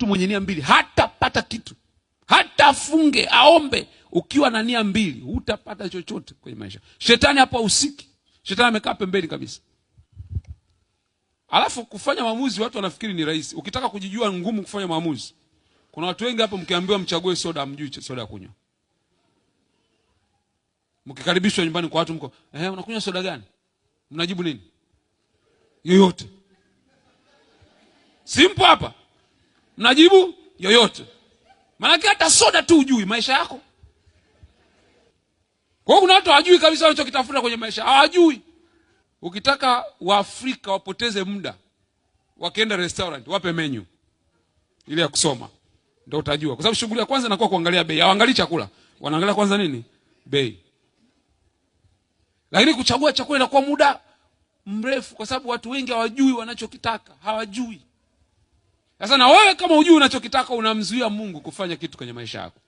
mtu mwenye nia mbili hatapata kitu, hata afunge aombe. Ukiwa na nia mbili hutapata chochote kwenye maisha. Shetani hapa usiki, shetani amekaa pembeni kabisa. Alafu kufanya maamuzi watu wanafikiri ni rahisi. Ukitaka kujijua ngumu kufanya maamuzi. Kuna watu wengi hapo, mkiambiwa mchague soda mjui soda ya kunywa. Mkikaribishwa nyumbani kwa watu mko, eh, unakunywa soda gani? Mnajibu nini? Yoyote. Simpo hapa mnajibu yoyote. Maanake hata soda tu ujui maisha yako. Kwa hiyo kuna watu hawajui kabisa wanachokitafuta kwenye maisha, hawajui. Ukitaka Waafrika wapoteze muda wakienda restaurant, wape menu ile ya kusoma, ndio utajua, kwa sababu shughuli ya kwanza inakuwa kuangalia bei. Hawaangalii chakula, wanaangalia kwanza nini? Bei. Lakini kuchagua chakula inakuwa muda mrefu, kwa sababu watu wengi hawajui wanachokitaka, hawajui. Sasa na wewe kama hujui unachokitaka, unamzuia Mungu kufanya kitu kwenye maisha yako.